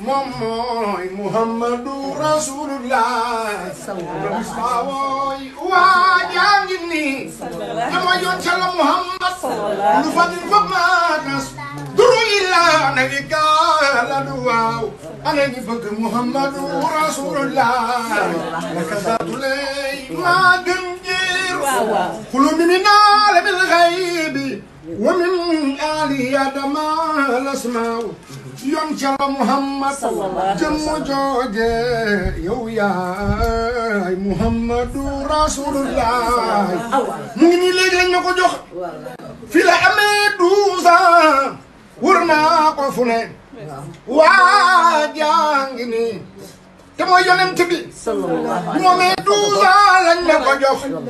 moom mooy Muhammadu Rasulullah sawooy waa jaa ngi nii dama yoon ca la Muhammad lu fatin fa maanas duru illa nabi kaaladu waaw ana ñi bëgg Muhammadu Rasulullah la kasaatu lay maa gën jeer mi mi ali ya dama lasmaaw yoon ca la muhammad jëmu jooje yow yaay muhammadu rasulullah mu ngi nii léegi lañ ma ko jox fi la amee douze ans naa ko fu waa jaa ngi te mooy yonent bi moomee douze ans lañ ma ko jox